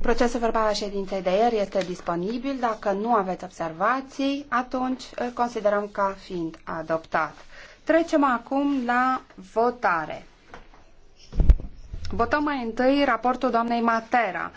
Procesul verbal al ședinței de ieri este disponibil. Dacă nu aveți observații, atunci îl considerăm ca fiind adoptat. Trecem acum la votare. Votăm mai întâi raportul doamnei Matera